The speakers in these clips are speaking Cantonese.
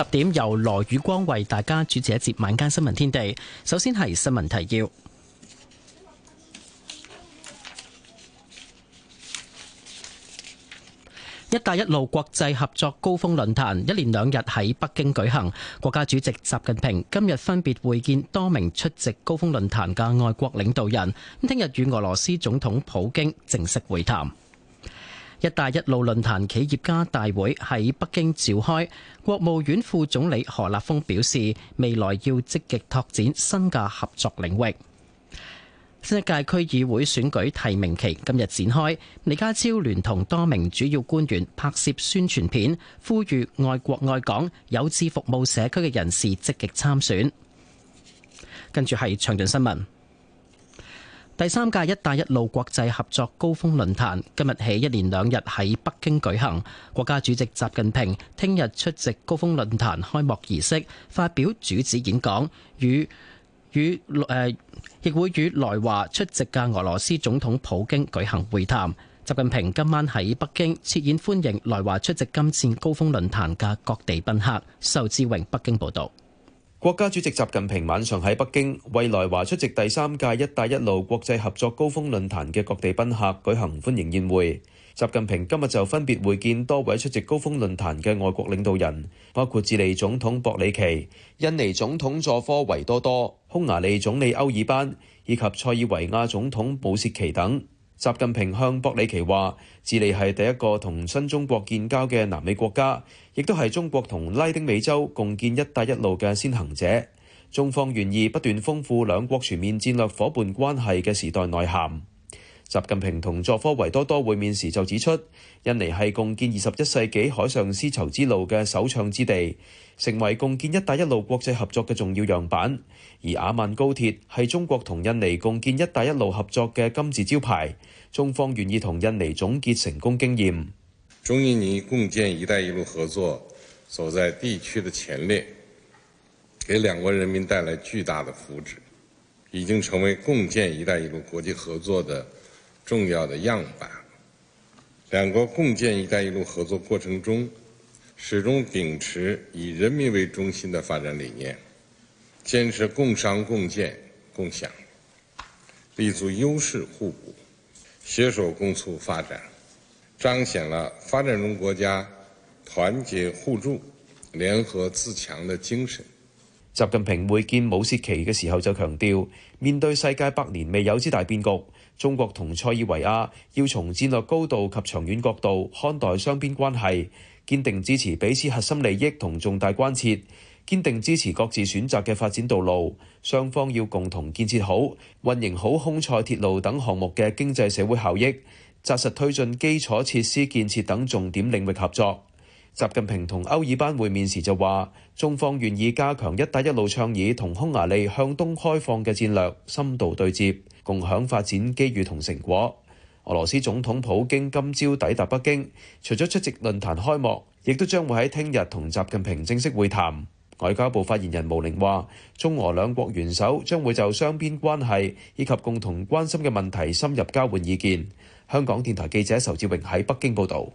十點由羅宇光為大家主持一節晚間新聞天地。首先係新聞提要：一帶一路國際合作高峰論壇一連兩日喺北京舉行，國家主席習近平今日分別會見多名出席高峰論壇嘅外國領導人，咁聽日與俄羅斯總統普京正式會談。“一帶一路”論壇企業家大會喺北京召開，國務院副總理何立峰表示，未來要積極拓展新嘅合作領域。新一屆區議會選舉提名期今日展開，李家超聯同多名主要官員拍攝宣傳片，呼籲愛國愛港、有志服務社區嘅人士積極參選。跟住係詳盡新聞。第三屆「一帶一路」國際合作高峰論壇今日起一連兩日喺北京舉行，國家主席習近平聽日出席高峰論壇開幕儀式，發表主旨演講，與與來、呃、亦會與來華出席嘅俄羅斯總統普京舉行會談。習近平今晚喺北京設宴歡迎來華出席今次高峰論壇嘅各地賓客。仇志榮北京報導。國家主席習近平晚上喺北京為來華出席第三屆「一帶一路」國際合作高峰論壇嘅各地賓客舉行歡迎宴會。習近平今日就分別會見多位出席高峰論壇嘅外國領導人，包括智利總統博里奇、印尼總統佐科維多多、匈牙利總理歐爾班以及塞爾維亞總統武切奇等。習近平向博里奇話智利係第一個同新中國建交嘅南美國家，亦都係中國同拉丁美洲共建一帶一路嘅先行者。中方願意不斷豐富兩國全面戰略夥伴關係嘅時代內涵。習近平同佐科維多多會面時就指出，印尼係共建二十一世紀海上絲綢綢之路嘅首倡之地，成為共建一帶一路國際合作嘅重要樣板。而雅萬高鐵係中國同印尼共建“一帶一路”合作嘅金字招牌，中方願意同印尼總結成功經驗。中印尼共建“一帶一路”合作走在地區的前列，給兩國人民帶來巨大的福祉，已經成為共建“一帶一路”國際合作的重要的樣板。兩國共建“一帶一路”合作過程中，始終秉持以人民為中心的發展理念。堅持共商共建共享，立足優勢互補，携手共促發展，彰顯了發展中國家團結互助、聯合自強的精神。習近平會見武契奇嘅時候就強調，面對世界百年未有之大變局，中國同塞爾維亞要從戰略高度及長遠角度看待雙邊關係，堅定支持彼此核心利益同重大關切。堅定支持各自選擇嘅發展道路，雙方要共同建設好、運營好匈塞鐵路等項目嘅經濟社會效益，扎實推進基礎設施建設等重點領域合作。習近平同歐爾班會面時就話，中方願意加強一帶一路倡議同匈牙利向東開放嘅戰略深度對接，共享發展機遇同成果。俄羅斯總統普京今朝抵達北京，除咗出席論壇開幕，亦都將會喺聽日同習近平正式會談。外交部發言人毛寧話：中俄兩國元首將會就雙邊關係以及共同關心嘅問題深入交換意見。香港電台記者仇志榮喺北京報導。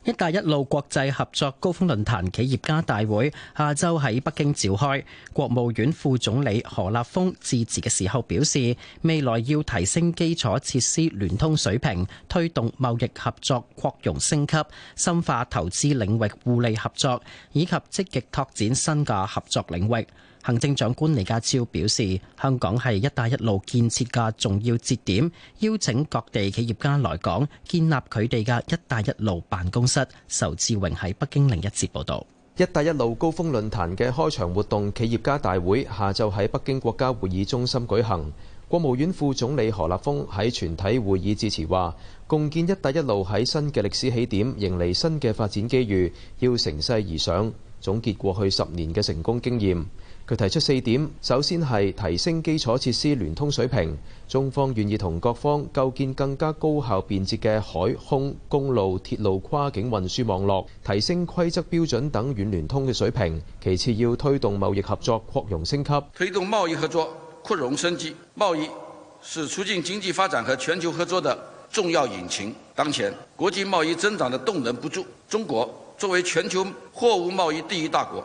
“一帶一路”國際合作高峰論壇企業家大會下周喺北京召開，國務院副總理何立峰致辭嘅時候表示，未來要提升基礎設施聯通水平，推動貿易合作擴容升級，深化投資領域互利合作，以及積極拓展新嘅合作領域。行政長官李家超表示，香港係一帶一路建設嘅重要節點，邀請各地企業家來港建立佢哋嘅一帶一路辦公室。仇志榮喺北京。另一節報導，一帶一路高峰論壇嘅開場活動企業家大會下晝喺北京國家會議中心舉行。國務院副總理何立峰喺全體會議致辭話，共建一帶一路喺新嘅歷史起點，迎嚟新嘅發展機遇，要乘勢而上，總結過去十年嘅成功經驗。佢提出四點，首先係提升基礎設施聯通水平，中方願意同各方構建更加高效便捷嘅海空公路鐵路跨境運輸網絡，提升規則標準等軟聯通嘅水平。其次要推動貿易合作擴容升級，推動貿易合作擴容升級。貿易是促進經濟發展和全球合作的重要引擎。當前國際貿易增長的動能不足，中國作為全球貨物貿易第一大國。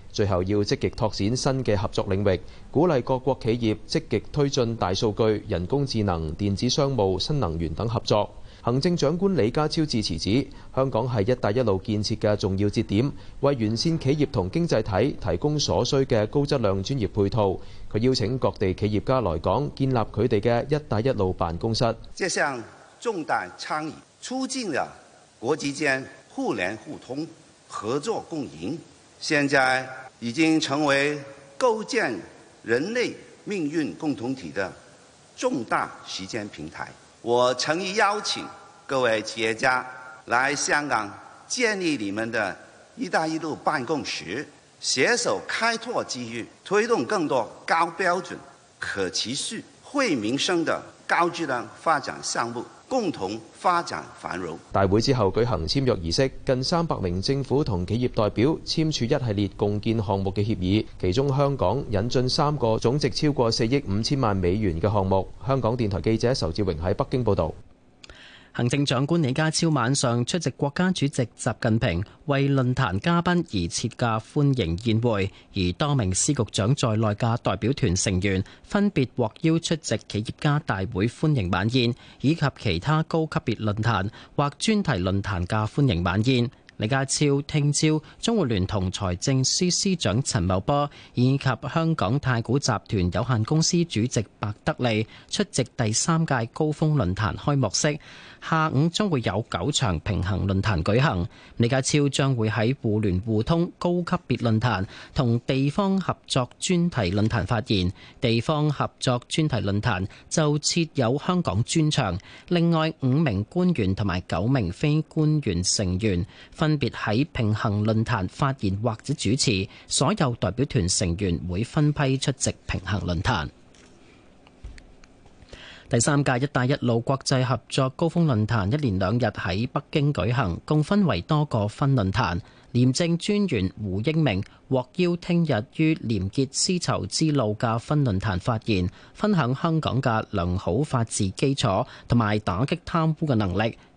最後要積極拓展新嘅合作領域，鼓勵各國企業積極推進大數據、人工智能、電子商務、新能源等合作。行政長官李家超致辭指，香港係一帶一路建設嘅重要節點，為完善企業同經濟體提供所需嘅高質量專業配套。佢邀請各地企業家來港，建立佢哋嘅一帶一路辦公室。這項重大倡議，促進咗國際間互聯互通、合作共贏。現在已經成為構建人類命運共同體的重大實踐平台。我誠意邀請各位企業家來香港建立你們的「一帶一路」辦公室，携手開拓機遇，推動更多高標準、可持續、惠民生的。高質量發展項目，共同發展繁榮。大會之後舉行簽約儀式，近三百名政府同企業代表簽署一系列共建項目嘅協議，其中香港引進三個總值超過四億五千萬美元嘅項目。香港電台記者仇志榮喺北京報道。行政長官李家超晚上出席國家主席習近平為論壇嘉賓而設嘅歡迎宴會，而多名司局長在內嘅代表團成員分別獲邀出席企業家大會歡迎晚宴，以及其他高級別論壇或專題論壇嘅歡迎晚宴。李家超聽朝將會聯同財政司司長陳茂波以及香港太古集團有限公司主席白德利出席第三屆高峰論壇開幕式。下午將會有九場平行論壇舉行。李家超將會喺互聯互通高級別論壇同地方合作專題論壇發言。地方合作專題論壇就設有香港專場。另外五名官員同埋九名非官員成員分。分別喺平行論壇發言或者主持，所有代表團成員會分批出席平行論壇。第三屆一帶一路國際合作高峰論壇一連兩日喺北京舉行，共分為多個分論壇。廉政專員胡英明獲邀聽日於廉潔絲綢之路嘅分論壇發言，分享香港嘅良好法治基礎同埋打擊貪污嘅能力。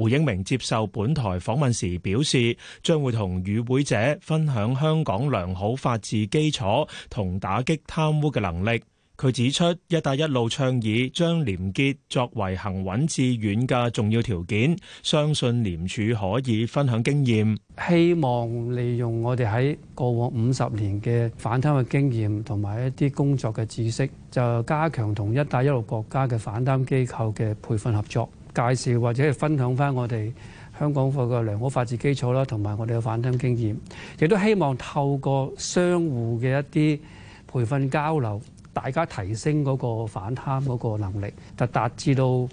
胡英明接受本台訪問時表示，將會同與會者分享香港良好法治基礎同打擊貪污嘅能力。佢指出，一帶一路倡議將廉潔作為行穩致遠嘅重要條件，相信廉署可以分享經驗，希望利用我哋喺過往五十年嘅反貪嘅經驗同埋一啲工作嘅知識，就加強同一帶一路國家嘅反貪機構嘅培訓合作。介紹或者係分享翻我哋香港個良好法治基礎啦，同埋我哋嘅反貪經驗，亦都希望透過相互嘅一啲培訓交流，大家提升嗰個反貪嗰個能力，就達至到。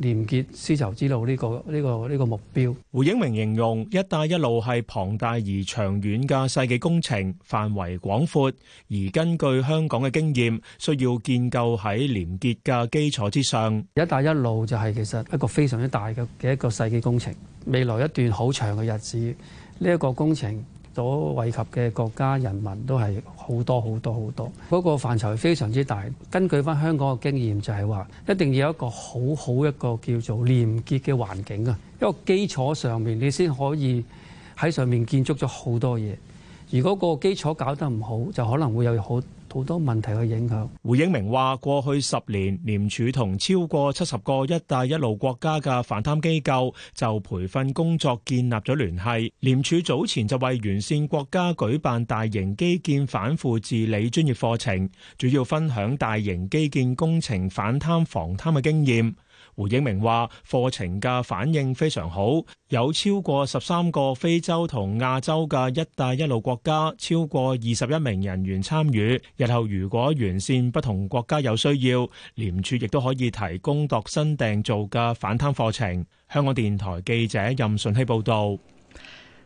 廉潔絲綢之路呢個呢個呢個目標。胡英明形容一帶一路係龐大而長遠嘅世紀工程，範圍廣闊，而根據香港嘅經驗，需要建構喺廉潔嘅基礎之上。一帶一路就係其實一個非常之大嘅嘅一個世紀工程，未來一段好長嘅日子，呢一個工程。所惠及嘅國家人民都係好多好多好多，嗰個範疇非常之大。根據翻香港嘅經驗，就係話一定要有一個好好一個叫做廉潔嘅環境啊，一個基礎上面你先可以喺上面建築咗好多嘢。如果個基礎搞得唔好，就可能會有好好多問題嘅影響。胡英明話：過去十年，廉署同超過七十個「一帶一路」國家嘅反貪機構就培訓工作建立咗聯繫。廉署早前就為完善國家舉辦大型基建反腐治理專業課程，主要分享大型基建工程反貪防貪嘅經驗。胡英明話課程嘅反應非常好，有超過十三個非洲同亞洲嘅「一帶一路」國家，超過二十一名人員參與，日後如果完善，不同國家有需要，廉署亦都可以提供度身訂做嘅反貪課程。香港電台記者任順希報道。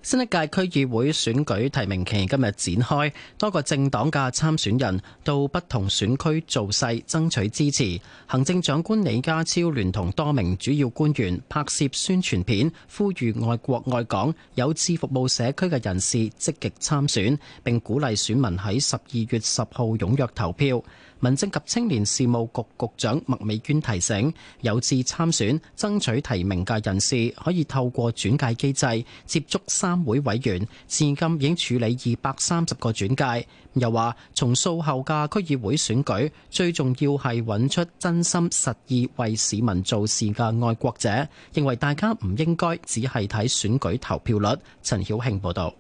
新一屆區議會選舉提名期今日展開，多個政黨嘅參選人到不同選區造勢爭取支持。行政長官李家超聯同多名主要官員拍攝宣傳片呼籲，呼籲愛國愛港、有志服務社區嘅人士積極參選，並鼓勵選民喺十二月十號踴躍投票。民政及青年事務局局長麥美娟提醒，有志參選爭取提名嘅人士可以透過轉介機制接觸三會委員，至今已經處理二百三十個轉介。又話，從數後嘅區議會選舉，最重要係揾出真心實意為市民做事嘅愛國者，認為大家唔應該只係睇選舉投票率。陳曉慶報道。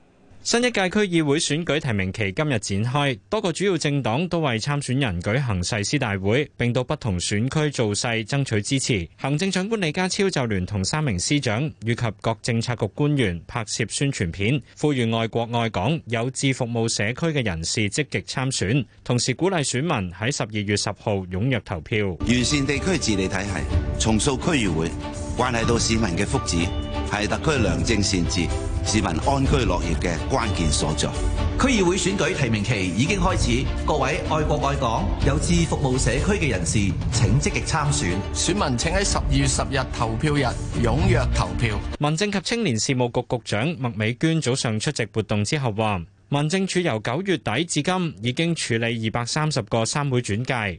新一屆區議會選舉提名期今日展開，多個主要政黨都為參選人舉行誓師大會，並到不同選區造勢爭取支持。行政長官李家超就聯同三名司長以及各政策局官員拍攝宣傳片，呼籲愛國愛港、有志服務社區嘅人士積極參選，同時鼓勵選民喺十二月十號踊躍投票。完善地區治理體系，重塑區議會，關係到市民嘅福祉，係特區良政善治，市民安居樂業嘅關鍵所在。區議會選舉提名期已經開始，各位愛國愛港、有志服務社區嘅人士，請積極參選。選民請喺十二月十日投票日踴躍投票。民政及青年事務局局局長麥美娟早上出席活動之後話，民政處由九月底至今已經處理二百三十個三會轉介。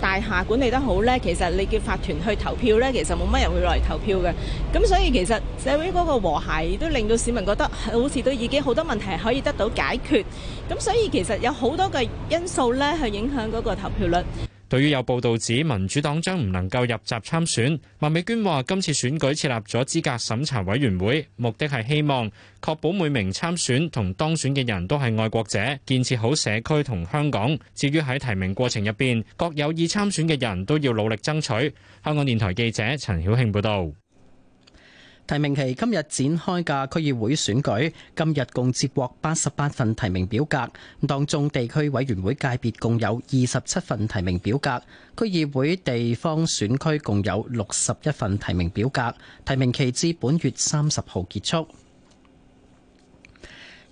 大廈管理得好呢，其實你叫法團去投票呢，其實冇乜人會落嚟投票嘅。咁所以其實社會嗰個和諧亦都令到市民覺得好似都已經好多問題係可以得到解決。咁所以其實有好多嘅因素呢，去影響嗰個投票率。對於有報道指民主黨將唔能夠入閘參選，麥美娟話：今次選舉設立咗資格審查委員會，目的係希望確保每名參選同當選嘅人都係愛國者，建設好社區同香港。至於喺提名過程入邊，各有意參選嘅人都要努力爭取。香港電台記者陳曉慶報道。提名期今日展開嘅區議會選舉，今日共接獲八十八份提名表格，當中地區委員會界別共有二十七份提名表格，區議會地方選區共有六十一份提名表格，提名期至本月三十號結束。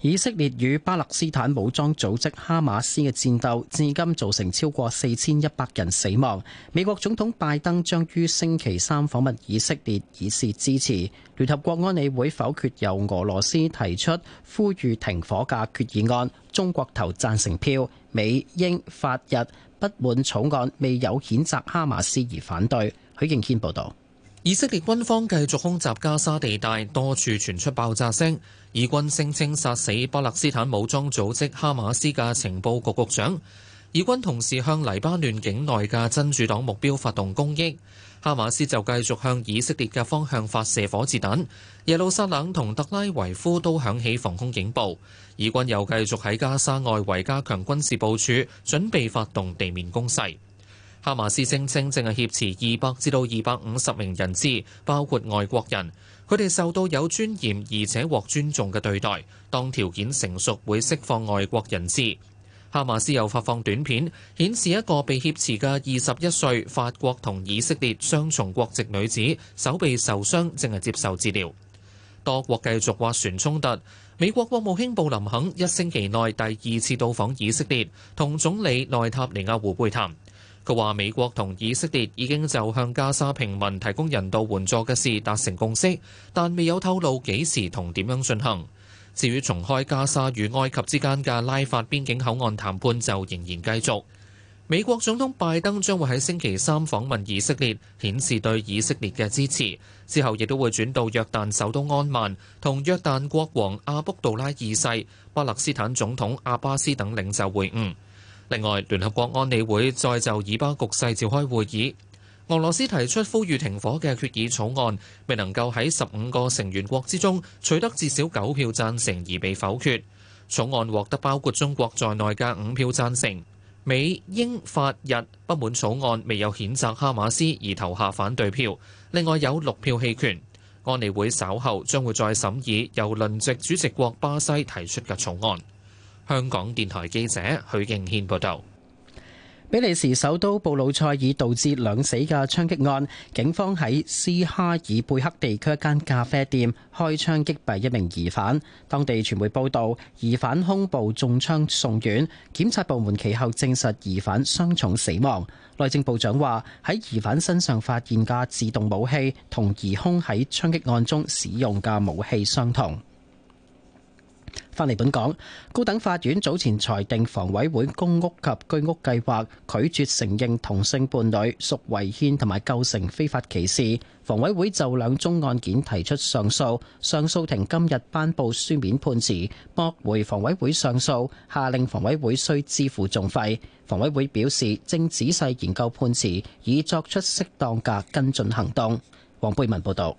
以色列與巴勒斯坦武裝組織哈馬斯嘅戰鬥，至今造成超過四千一百人死亡。美國總統拜登將於星期三訪問以色列，以示支持。聯合國安理會否決由俄羅斯提出呼籲停火嘅決議案，中國投贊成票。美、英、法、日不滿草案未有譴責哈馬斯而反對。許敬軒報道。以色列軍方繼續空襲加沙地帶，多處傳出爆炸聲。以軍聲稱殺死巴勒斯坦武裝組織哈馬斯嘅情報局局長。以軍同時向黎巴嫩境內嘅真主黨目標發動攻擊。哈馬斯就繼續向以色列嘅方向發射火箭彈。耶路撒冷同特拉維夫都響起防空警報。以軍又繼續喺加沙外圍加強軍事部署，準備發動地面攻勢。哈馬斯聲稱，正係挾持二百至到二百五十名人質，包括外國人。佢哋受到有尊嚴而且獲尊重嘅對待。當條件成熟，會釋放外國人質。哈馬斯又發放短片，顯示一個被挾持嘅二十一歲法國同以色列雙重國籍女子，手臂受傷，正係接受治療。多國繼續斡旋衝突。美國國務卿布林肯一星期內第二次到訪以色列，同總理內塔尼亞胡會談。佢話：美國同以色列已經就向加沙平民提供人道援助嘅事達成共識，但未有透露幾時同點樣進行。至於重開加沙與埃及之間嘅拉法邊境口岸談判，就仍然繼續。美國總統拜登將會喺星期三訪問以色列，顯示對以色列嘅支持。之後亦都會轉到約旦首都安曼，同約旦國王阿卜杜拉二世、巴勒斯坦總統阿巴斯等領袖會晤。另外，聯合國安理會再就以巴局勢召開會議。俄羅斯提出呼籲停火嘅決議草案，未能夠喺十五個成員國之中取得至少九票贊成而被否決。草案獲得包括中國在內嘅五票贊成，美、英、法、日不滿草案未有譴責哈馬斯而投下反對票。另外有六票棄權。安理會稍後將會再審議由輪值主席國巴西提出嘅草案。香港電台記者許敬軒報道。比利時首都布魯塞爾導致兩死嘅槍擊案，警方喺斯哈爾貝克地區一間咖啡店開槍擊斃一名疑犯。當地傳媒報道，疑犯胸部中槍送院，檢察部門其後證實疑犯傷重死亡。內政部長話，喺疑犯身上發現嘅自動武器，同疑兇喺槍擊案中使用嘅武器相同。翻嚟本港，高等法院早前裁定房委會公屋及居屋計劃拒絕承認同性伴侶屬違憲同埋構成非法歧視。房委會就兩宗案件提出上訴，上訴庭今日頒布書面判詞，駁回房委會上訴，下令房委會需支付訟費。房委會表示正仔細研究判詞，以作出適當嘅跟進行動。黃貝文報導。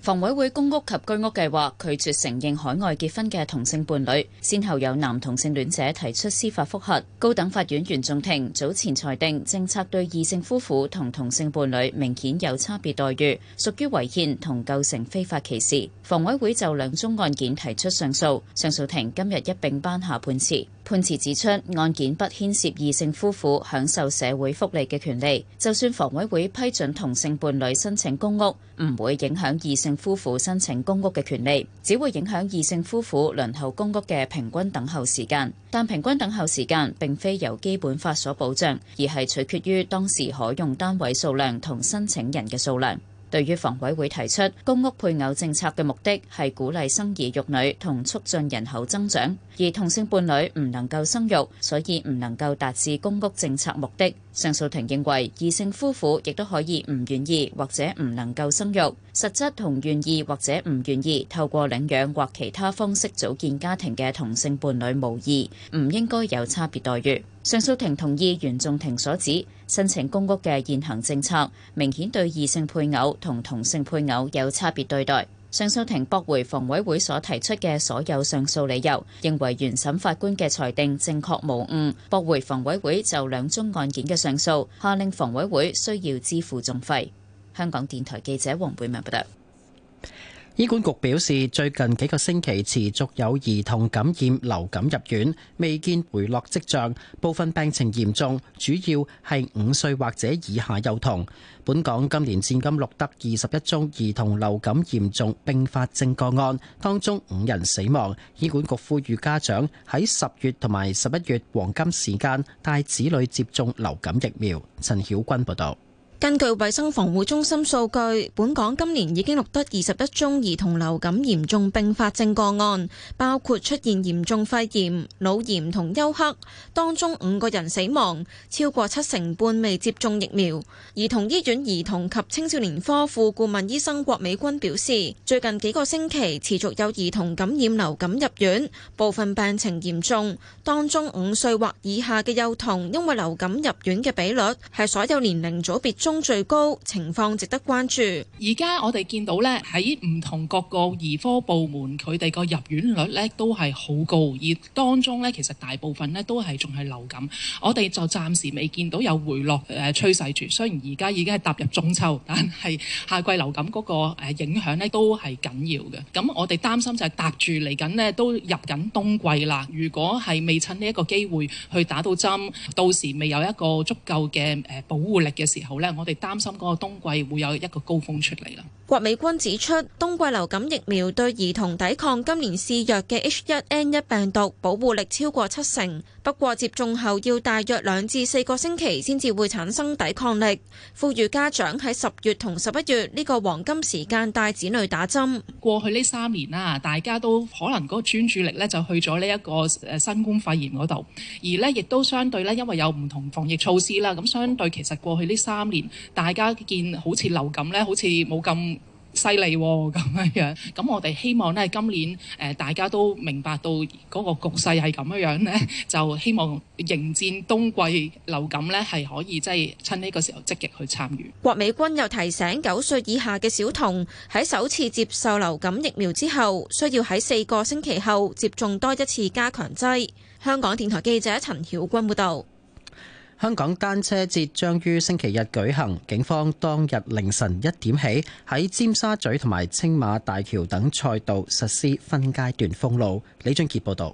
房委會公屋及居屋計劃拒絕承認海外結婚嘅同性伴侶，先後有男同性戀者提出司法覆核。高等法院原訟庭早前裁定，政策對異性夫婦同同性伴侶明顯有差別待遇，屬於違憲同構成非法歧視。房委會就兩宗案件提出上訴，上訴庭今日一併頒下判詞。判詞指出，案件不牽涉異性夫婦享受社會福利嘅權利，就算房委會批准同性伴侶申請公屋，唔會影響異性性夫婦申請公屋嘅權利，只會影響異性夫婦輪候公屋嘅平均等候時間，但平均等候時間並非由基本法所保障，而係取決於當時可用單位數量同申請人嘅數量。對於房委會提出公屋配偶政策嘅目的，係鼓勵生兒育女同促進人口增長。而同性伴侶唔能夠生育，所以唔能夠達至公屋政策目的。上訴庭認為，異性夫婦亦都可以唔願意或者唔能夠生育，實質同願意或者唔願意透過領養或其他方式組建家庭嘅同性伴侶無異，唔應該有差別待遇。上訴庭同意原訟庭所指，申請公屋嘅現行政策明顯對異性配偶同同性配偶有差別對待。上訴庭駁回房委會所提出嘅所有上訴理由，認為原審法官嘅裁定正確無誤，駁回房委會就兩宗案件嘅上訴，下令房委會需要支付訟費。香港電台記者黃貝文報道。醫管局表示，最近幾個星期持續有兒童感染流感入院，未見回落跡象，部分病情嚴重，主要係五歲或者以下幼童。本港今年至今錄得二十一宗兒童流感嚴重併發症個案，當中五人死亡。醫管局呼籲家長喺十月同埋十一月黃金時間帶子女接種流感疫苗。陳曉君報道。根據衛生防護中心數據，本港今年已經錄得二十一宗兒童流感嚴重併發症個案，包括出現嚴重肺炎、腦炎同休克，當中五個人死亡，超過七成半未接種疫苗。兒童醫院兒童及青少年科副顧問醫生郭美君表示，最近幾個星期持續有兒童感染流感入院，部分病情嚴重，當中五歲或以下嘅幼童因為流感入院嘅比率係所有年齡組別中，中最高情況，值得關注。而家我哋見到咧喺，唔同各個兒科部門，佢哋個入院率咧都係好高，而當中咧其實大部分咧都係仲係流感。我哋就暫時未見到有回落誒趨勢住。雖然而家已經係踏入中秋，但係夏季流感嗰個誒影響咧都係緊要嘅。咁我哋擔心就係搭住嚟緊咧都入緊冬季啦。如果係未趁呢一個機會去打到針，到時未有一個足夠嘅誒保護力嘅時候咧。我哋擔心嗰個冬季會有一個高峰出嚟啦。郭美君指出，冬季流感疫苗對兒童抵抗今年肆虐嘅 H1N1 病毒保護力超過七成。不過接種後要大約兩至四個星期先至會產生抵抗力，呼籲家長喺十月同十一月呢個黃金時間帶子女打針。過去呢三年啦，大家都可能嗰個專注力咧就去咗呢一個誒新冠肺炎嗰度，而呢亦都相對咧，因為有唔同防疫措施啦，咁相對其實過去呢三年大家見好似流感咧，好似冇咁。犀利咁樣樣，咁我哋希望呢，今年誒大家都明白到嗰個局勢係咁樣樣呢，就希望迎戰冬季流感呢，係可以即係趁呢個時候積極去參與。郭美君又提醒九歲以下嘅小童喺首次接受流感疫苗之後，需要喺四個星期後接種多一次加強劑。香港電台記者陳曉君報道。香港單車節將於星期日舉行，警方當日凌晨一點起，喺尖沙咀同埋青馬大橋等賽道實施分階段封路。李俊杰報道，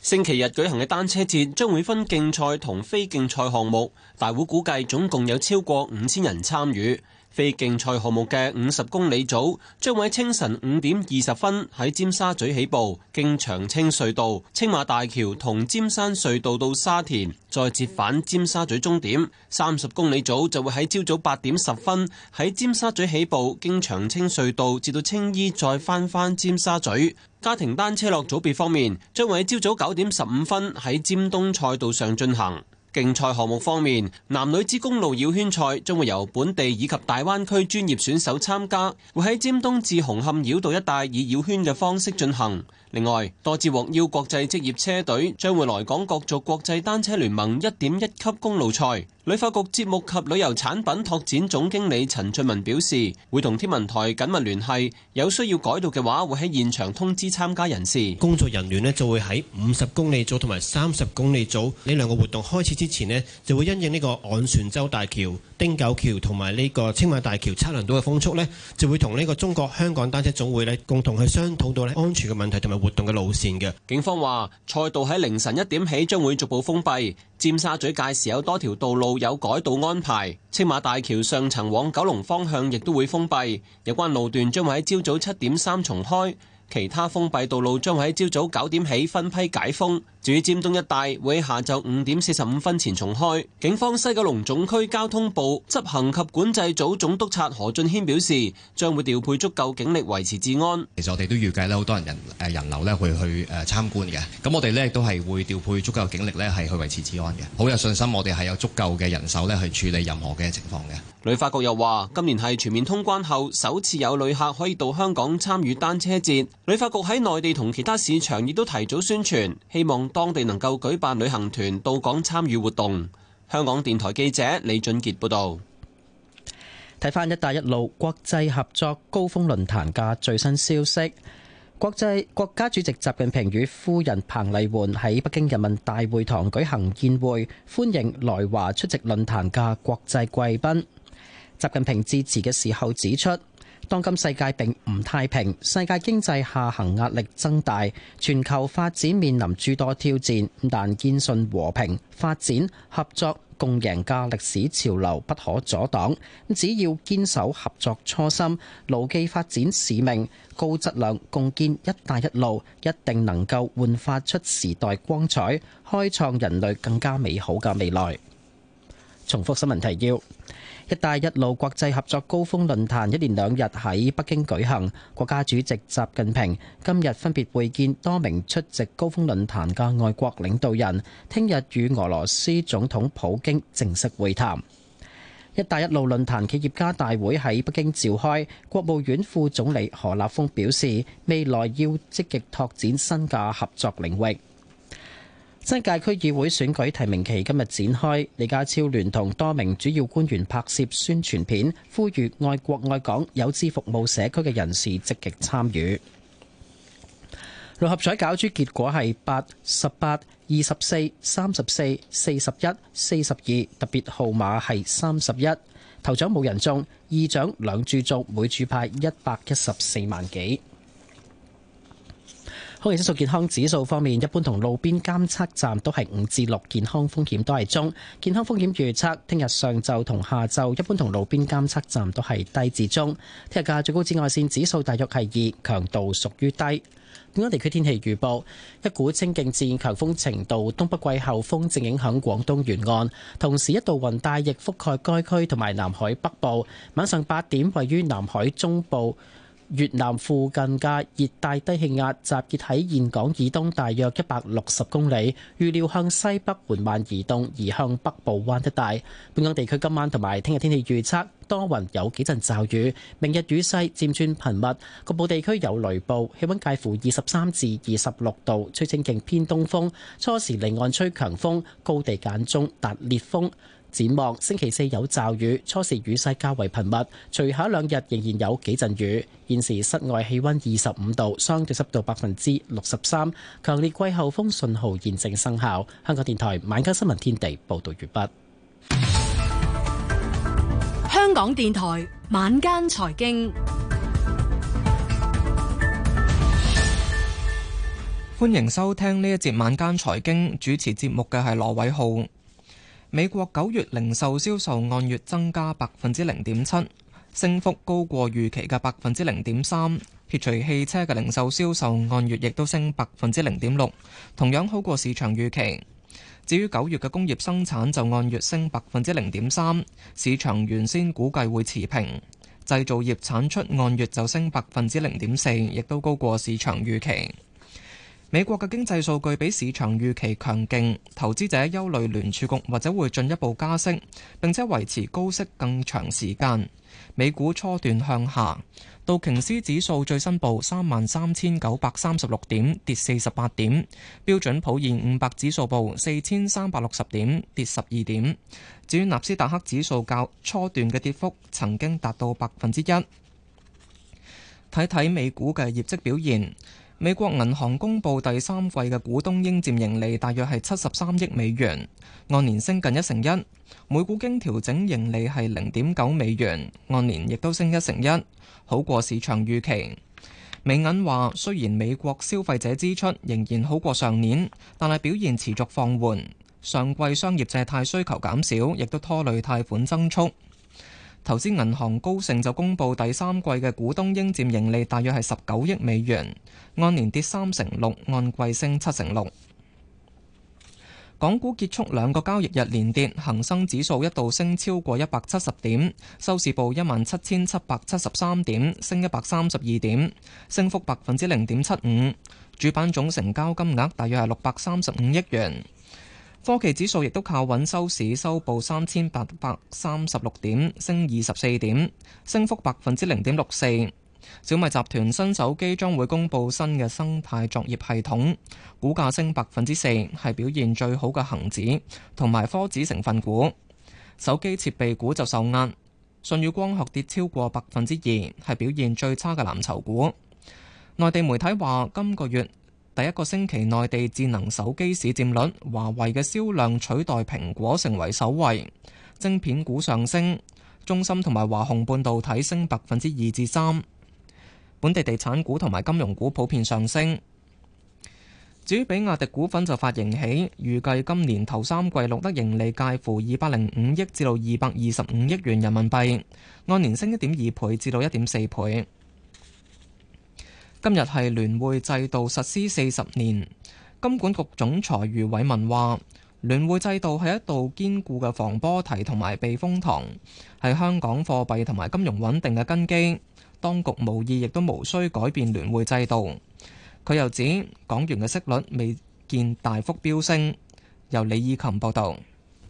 星期日舉行嘅單車節將會分競賽同非競賽項目，大會估計總共有超過五千人參與。非競賽項目嘅五十公里組將會喺清晨五點二十分喺尖沙咀起步，經長青隧道、青馬大橋同尖山隧道到沙田，再折返尖沙咀終點。三十公里組就會喺朝早八點十分喺尖沙咀起步，經長青隧道至到青衣，再返返尖沙咀。家庭單車落組別方面，將會喺朝早九點十五分喺尖東賽道上進行。競賽項目方面，男女子公路繞圈賽將會由本地以及大灣區專業選手參加，會喺尖東至紅磡繞道一帶以繞圈嘅方式進行。另外，多支獲邀國際職業車隊將會來港角逐國際單車聯盟一點一級公路賽。旅發局節目及旅遊產品拓展總經理陳俊文表示，會同天文台緊密聯繫，有需要改道嘅話，會喺現場通知參加人士。工作人員咧就會喺五十公里組同埋三十公里組呢兩個活動開始。之前呢，就會因應呢個昂船洲大橋、汀九橋同埋呢個青馬大橋測量到嘅風速呢，就會同呢個中國香港單車總會呢共同去商討到呢安全嘅問題同埋活動嘅路線嘅。警方話賽道喺凌晨一點起將會逐步封閉，尖沙咀屆時有多條道路有改道安排，青馬大橋上層往九龍方向亦都會封閉，有關路段將會喺朝早七點三重開，其他封閉道路將會喺朝早九點起分批解封。至於尖東一帶會喺下晝五點四十五分前重開。警方西九龍總區交通部執行及管制組總督察何俊軒表示，將會調配足夠警力維持治安。其實我哋都預計咧，好多人人誒人流咧會去誒參觀嘅。咁我哋咧都係會調配足夠警力咧係去維持治安嘅。好有信心，我哋係有足夠嘅人手咧去處理任何嘅情況嘅。旅發局又話，今年係全面通關後首次有旅客可以到香港參與單車節。旅發局喺內地同其他市場亦都提早宣傳，希望，當地能夠舉辦旅行團到港參與活動。香港電台記者李俊杰報道。睇翻一帶一路國際合作高峰論壇嘅最新消息，國際國家主席習近平與夫人彭麗媛喺北京人民大會堂舉行宴會，歡迎來華出席論壇嘅國際貴賓。習近平致辭嘅時候指出，當今世界並唔太平，世界經濟下行壓力增大，全球發展面臨諸多挑戰。但堅信和平發展合作共贏嘅歷史潮流不可阻擋。只要堅守合作初心，牢記發展使命，高質量共建「一帶一路」，一定能夠煥發出時代光彩，開創人類更加美好嘅未來。重複新聞提要。一帶一路國際合作高峰論壇一連兩日喺北京舉行，國家主席習近平今日分別會見多名出席高峰論壇嘅外國領導人，聽日與俄羅斯總統普京正式會談。一帶一路論壇企業家大會喺北京召開，國務院副總理何立峰表示，未來要積極拓展新嘅合作領域。新界區議會選舉提名期今日展開，李家超聯同多名主要官員拍攝宣傳片，呼籲愛國愛港、有志服務社區嘅人士積極參與。六合彩攪珠結果係八、十八、二十四、三十四、四十一、四十二，特別號碼係三十一。頭獎冇人中，二獎兩注中，每注派一百一十四萬幾。空氣質素健康指數方面，一般同路邊監測站都係五至六，健康風險都係中。健康風險預測，聽日上晝同下晝一般同路邊監測站都係低至中。聽日嘅最高紫外線指數大約係二，強度屬於低。本港地區天氣預報，一股清勁至強風程度東北季候風正影響廣東沿岸，同時一度雲帶亦覆蓋該區同埋南海北部。晚上八點位於南海中部。越南附近嘅熱帶低氣壓集結喺現港以東大約一百六十公里，預料向西北緩慢移動，移向北部灣一帶。本港地區今晚同埋聽日天氣預測，多雲，有幾陣驟雨，明日雨勢漸轉頻密，局部地區有雷暴。氣温介乎二十三至二十六度，吹清勁偏東風，初時離岸吹強風，高地間中達烈風。展望星期四有驟雨，初時雨勢較為頻密，隨後兩日仍然有幾陣雨。現時室外氣溫二十五度，相對濕度百分之六十三，強烈季候風信號現正生效。香港電台晚間新聞天地報道完畢。香港電台晚間財經，歡迎收聽呢一節晚間財經主持節目嘅係羅偉浩。美國九月零售銷售按月增加百分之零點七，升幅高過預期嘅百分之零點三。撇除汽車嘅零售銷售按月亦都升百分之零點六，同樣好過市場預期。至於九月嘅工業生產就按月升百分之零點三，市場原先估計會持平。製造業產出按月就升百分之零點四，亦都高過市場預期。美國嘅經濟數據比市場預期強勁，投資者憂慮聯儲局或者會進一步加息，並且維持高息更長時間。美股初段向下，道瓊斯指數最新報三萬三千九百三十六點，跌四十八點；標準普爾五百指數報四千三百六十點，跌十二點。至於納斯達克指數，較初段嘅跌幅曾經達到百分之一。睇睇美股嘅業績表現。美國銀行公佈第三季嘅股東應佔盈利大約係七十三億美元，按年升近一成一，每股經調整盈利係零點九美元，按年亦都升一成一，好過市場預期。美銀話，雖然美國消費者支出仍然好過上年，但係表現持續放緩，上季商業借貸需求減少，亦都拖累貸款增速。投資銀行高盛就公布第三季嘅股東應佔盈利大約係十九億美元，按年跌三成六，按季升七成六。港股結束兩個交易日連跌，恒生指數一度升超過一百七十點，收市報一萬七千七百七十三點，升一百三十二點，升幅百分之零點七五。主板總成交金額大約係六百三十五億元。科技指數亦都靠穩收市，收報三千八百三十六點，升二十四點，升幅百分之零點六四。小米集團新手機將會公布新嘅生態作業系統，股價升百分之四，係表現最好嘅恒指同埋科指成分股。手機設備股就受壓，舜宇光學跌超過百分之二，係表現最差嘅藍籌股。內地媒體話，今個月，第一個星期內地智能手機市佔率，華為嘅銷量取代蘋果成為首位。晶片股上升，中芯同埋華虹半導體升百分之二至三。3，本地地產股同埋金融股普遍上升。至於比亞迪股份就發盈喜，預計今年頭三季錄得盈利介乎二百零五億至到二百二十五億元人民幣，按年升一點二倍至到一點四倍。今日係聯匯制度實施四十年，金管局總裁余偉文話：聯匯制度係一道堅固嘅防波堤同埋避風塘，係香港貨幣同埋金融穩定嘅根基。當局無意亦都無需改變聯匯制度。佢又指港元嘅息率未見大幅飆升。由李以琴報道。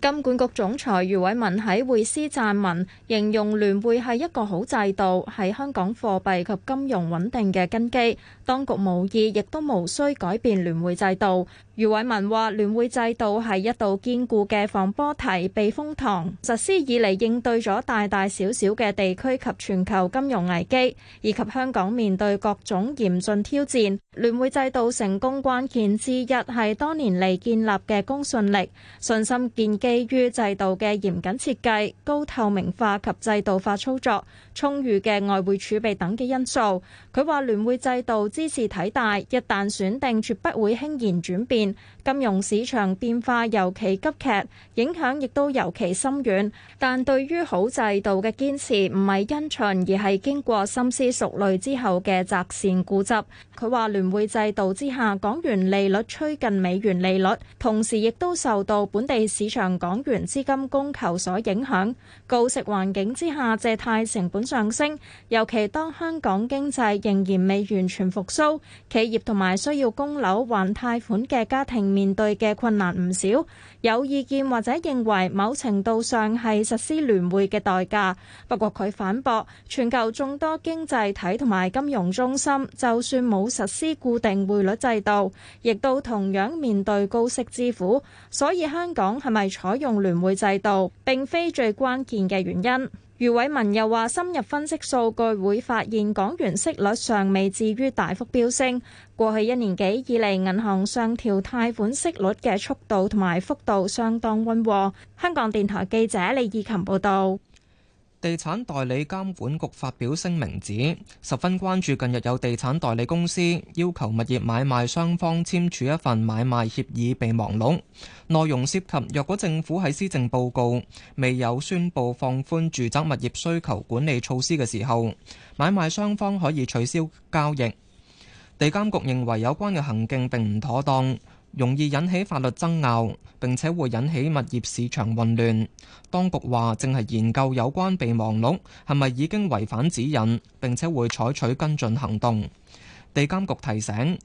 金管局總裁余偉文喺匯思撰文，形容聯匯係一個好制度，係香港貨幣及金融穩定嘅根基。當局無意亦都無需改變聯匯制度。余偉文話：聯匯制度係一道堅固嘅防波堤、避風塘，實施以嚟應對咗大大小小嘅地區及全球金融危機，以及香港面對各種嚴峻挑戰。聯匯制度成功關鍵之一係多年嚟建立嘅公信力、信心建基。基於制度嘅嚴謹設計、高透明化及制度化操作、充裕嘅外匯儲備等嘅因素，佢話聯匯制度支持體大，一旦選定，絕不會輕言轉變。金融市場變化尤其急劇，影響亦都尤其深遠。但對於好制度嘅堅持，唔係因循，而係經過深思熟慮之後嘅擇善固執。佢話聯匯制度之下，港元利率趨近美元利率，同時亦都受到本地市場港元資金供求所影響。高息環境之下，借貸成本上升，尤其當香港經濟仍然未完全復甦，企業同埋需要供樓還貸款嘅家庭。面對嘅困難唔少，有意見或者認為某程度上係實施聯匯嘅代價。不過，佢反駁全球眾多經濟體同埋金融中心，就算冇實施固定匯率制度，亦都同樣面對高息之苦。所以香港係咪採用聯匯制度，並非最關鍵嘅原因。余偉文又話：深入分析數據會發現，港元息率尚未至於大幅飆升。過去一年幾以嚟，銀行上調貸款息率嘅速度同埋幅度相當溫和。香港電台記者李義琴報道。地產代理監管局發表聲明指，十分關注近日有地產代理公司要求物業買賣雙方簽署一份買賣協議備忘錄，內容涉及若果政府喺施政報告未有宣布放寬住宅物業需求管理措施嘅時候，買賣雙方可以取消交易。地監局認為有關嘅行徑並唔妥當。容易引起法律爭拗，並且會引起物業市場混亂。當局話正係研究有關備忘錄係咪已經違反指引，並且會採取跟進行動。地監局提醒，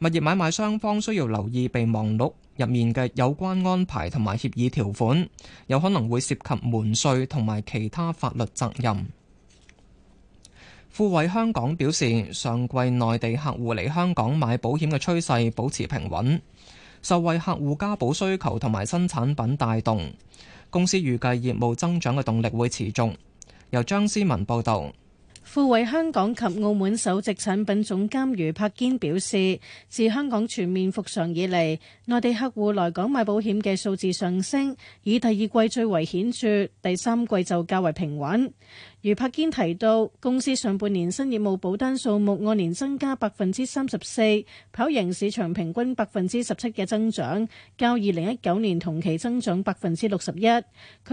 物業買賣雙方需要留意備忘錄入面嘅有關安排同埋協議條款，有可能會涉及門稅同埋其他法律責任。富衛香港表示，上季內地客戶嚟香港買保險嘅趨勢保持平穩，受惠客戶加保需求同埋新產品帶動，公司預計業務增長嘅動力會持續。由張思文報道，富衛香港及澳門首席產品總監余柏堅表示，自香港全面復常以嚟，內地客戶來港買保險嘅數字上升，以第二季最為顯著，第三季就較為平穩。余柏堅提到，公司上半年新業務保單數目按年增加百分之三十四，跑贏市場平均百分之十七嘅增長，較二零一九年同期增長百分之六十一。佢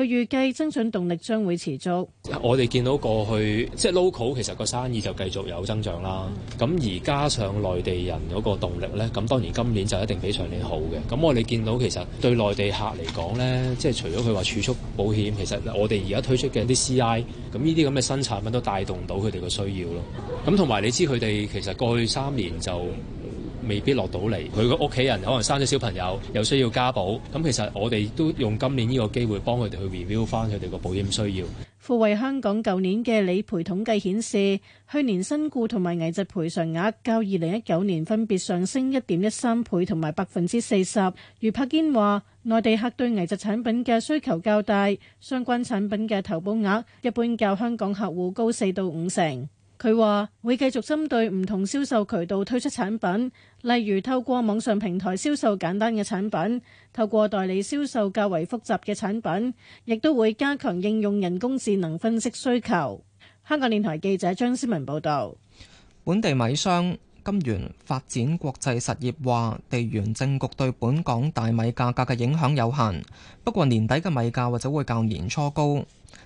預計增長動力將會持續。我哋見到過去即係 local 其實個生意就繼續有增長啦。咁而加上內地人嗰個動力呢，咁當然今年就一定比上年好嘅。咁我哋見到其實對內地客嚟講呢，即係除咗佢話儲蓄保險，其實我哋而家推出嘅啲 CI，咁呢啲。啲咁嘅新產品都帶動到佢哋嘅需要咯，咁同埋你知佢哋其實過去三年就未必落到嚟，佢個屋企人可能生咗小朋友，有需要加保，咁其實我哋都用今年呢個機會幫佢哋去 review 翻佢哋個保險需要。富衛香港舊年嘅理賠統計顯示，去年身故同埋危疾賠償額較二零一九年分別上升一點一三倍同埋百分之四十。余柏堅話，內地客對危疾產品嘅需求較大，相關產品嘅投保額一般較香港客戶高四到五成。佢話會繼續針對唔同銷售渠道推出產品，例如透過網上平台銷售簡單嘅產品，透過代理銷售較為複雜嘅產品，亦都會加強應用人工智能分析需求。香港電台記者張思文報道，本地米商金源發展國際實業話，地緣政局對本港大米價格嘅影響有限，不過年底嘅米價或者會較年初高。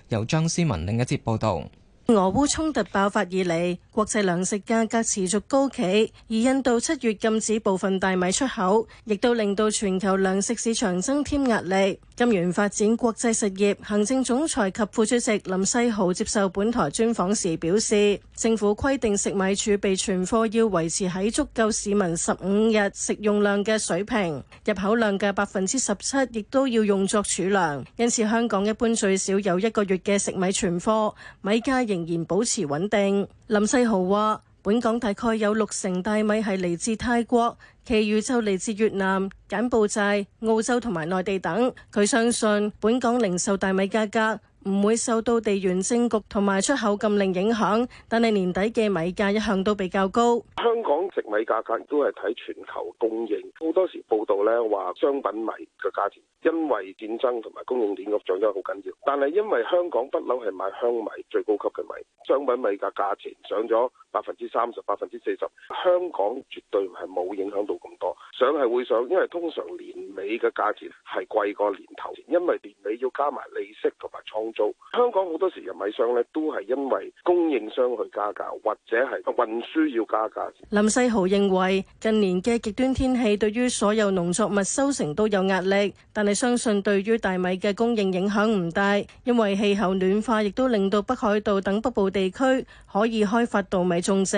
由張思文另一節報導。俄烏衝突爆發以嚟，國際糧食價格持續高企，而印度七月禁止部分大米出口，亦都令到全球糧食市場增添壓力。金元發展國際實業行政總裁及副主席林世豪接受本台專訪時表示，政府規定食米儲備存貨要維持喺足夠市民十五日食用量嘅水平，入口量嘅百分之十七亦都要用作儲糧，因此香港一般最少有一個月嘅食米存貨，米價亦仍然保持穩定。林世豪話，本港大概有六成大米係嚟自泰國，其餘就嚟自越南、柬埔寨、澳洲同埋內地等。佢相信本港零售大米價格唔會受到地緣政局同埋出口禁令影響，但係年底嘅米價一向都比較高。香港食米價格都係睇全球供應，好多時報道咧話商品米嘅價錢，因為戰爭同埋供應鏈嘅漲幅好緊要，但係因為香港不嬲係買香米最高級嘅米，商品米嘅價錢上咗百分之三十、百分之四十，香港絕對係冇影響到咁多，上係會上，因為通常年尾嘅價錢係貴過年頭，因為年尾要加埋利息同埋創。香港好多時入米商咧都係因為供應商去加價或者係運輸要加價。林世豪認為近年嘅極端天氣對於所有農作物收成都有壓力，但係相信對於大米嘅供應影響唔大，因為氣候暖化亦都令到北海道等北部地區可以開發稻米種植。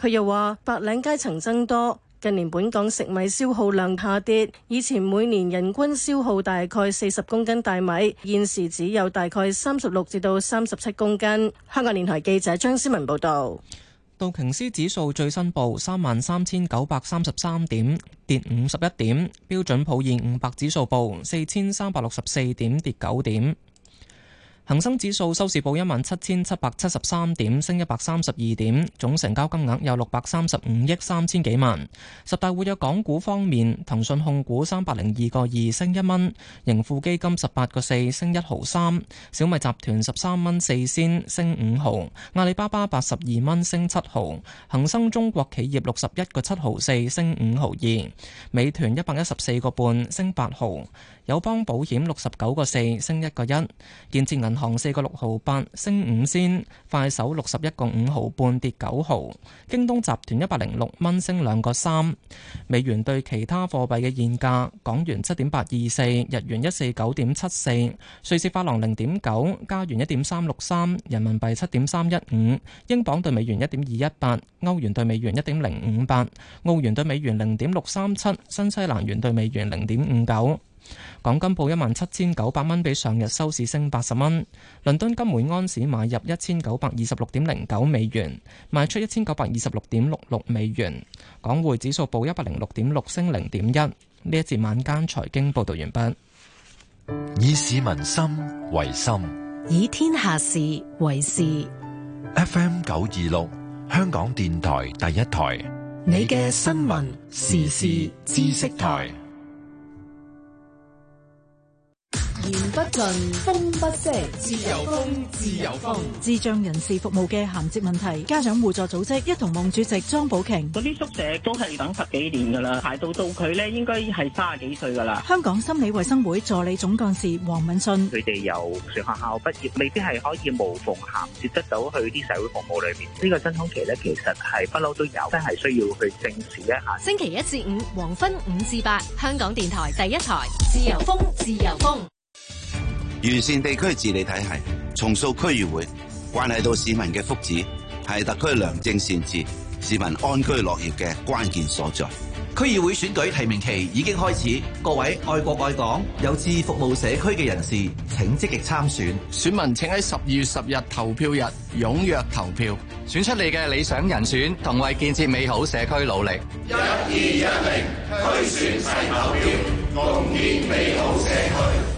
佢又話白領階層增多。近年本港食米消耗量下跌，以前每年人均消耗大概四十公斤大米，現時只有大概三十六至到三十七公斤。香港電台記者張思文報道。道瓊斯指數最新報三萬三千九百三十三點，跌五十一點。標準普爾五百指數報四千三百六十四點，跌九點。恒生指數收市報一萬七千七百七十三點，升一百三十二點，總成交金額有六百三十五億三千幾萬。十大活躍港股方面，騰訊控股三百零二個二升一蚊，盈富基金十八個四升一毫三，小米集團十三蚊四仙升五毫，阿里巴巴八十二蚊升七毫，恒生中國企業六十一個七毫四升五毫二，美團一百一十四個半升八毫。友邦保險六十九個四升一個一，建設銀行四個六毫八升五仙，快手六十一個五毫半跌九毫，京東集團一百零六蚊升兩個三。美元對其他貨幣嘅現價，港元七點八二四，日元一四九點七四，瑞士法郎零點九，加元一點三六三，人民幣七點三一五，英鎊對美元一點二一八，歐元對美元一點零五八，澳元對美元零點六三七，新西蘭元對美元零點五九。港金報一萬七千九百蚊，比上日收市升八十蚊。倫敦金每安士買入一千九百二十六點零九美元，賣出一千九百二十六點六六美元。港匯指數報一百零六點六，升零點一。呢一節晚間財經報道完畢。以市民心為心，以天下事為事。FM 九二六，香港電台第一台，你嘅新聞時事知識台。言不盡，風不息，自由風，自由風。智障人士服務嘅銜接問題，家長互助組織一同夢主席莊寶瓊：嗰啲宿舍都係等十幾年㗎啦，排到到佢咧應該係卅幾歲㗎啦。香港心理衛生會助理總幹事黃敏信：佢哋由全學校畢業，未必係可以無縫銜接得到去啲社會服務裏面。呢個真空期咧，其實係不嬲都有，真係需要去正視一下。星期一至五，黃昏五至八，香港電台第一台，自由風，自由風。完善地區治理體系，重塑區議會，關係到市民嘅福祉，係特區良政善治、市民安居樂業嘅關鍵所在。區議會選舉提名期已經開始，各位愛國愛港、有志服務社區嘅人士，請積極參選。選民請喺十二月十日投票日踴躍投票，選出你嘅理想人選，同為建設美好社區努力。一是、二、一零區選齊投票，共建美好社區。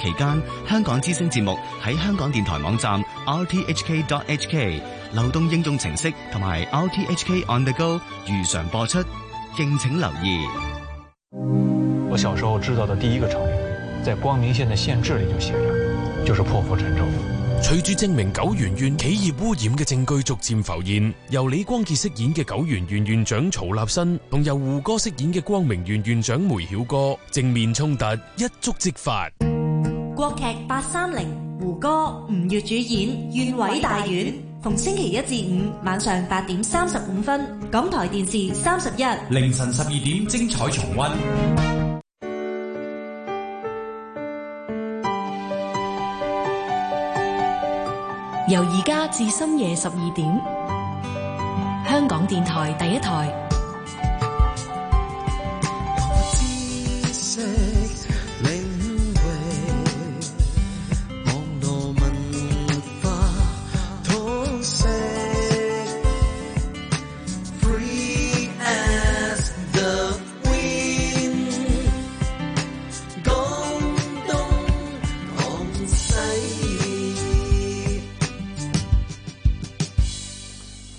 期間，香港之聲節目喺香港電台網站 rthk.hk、流動應用程式同埋 rthk on the go 如常播出，敬請留意。我小時候知道的第一個成語，在《光明縣的縣志》裏就寫着，就是破釜沉舟。隨着證明九原縣企業污染嘅證據逐漸浮現，由李光潔飾演嘅九原縣縣長曹立新同由胡歌飾演嘅光明縣縣長梅曉歌正面衝突，一觸即發。國劇八三零，胡歌、吳越主演，縣委大院，逢星期一至五晚上八點三十五分，港台電視三十一，凌晨十二點精彩重溫，由而家至深夜十二點，香港電台第一台。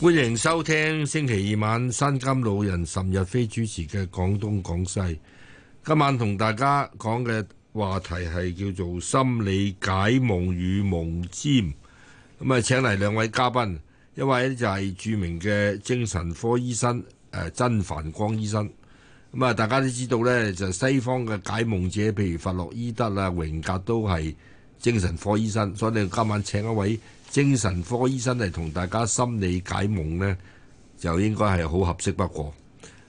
歡迎收聽星期二晚新金老人岑日飛主持嘅廣東廣西。今晚同大家講嘅話題係叫做心理解夢與夢占。咁啊，請嚟兩位嘉賓，一位就係著名嘅精神科醫生誒，曾、呃、繁光醫生。咁、嗯、啊，大家都知道呢，就是、西方嘅解夢者，譬如弗洛伊德啊、榮格都係精神科醫生，所以今晚請一位。精神科醫生嚟同大家心理解夢呢，就應該係好合適不過。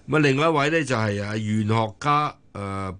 咁啊，另外一位呢，就係啊，玄學家誒。呃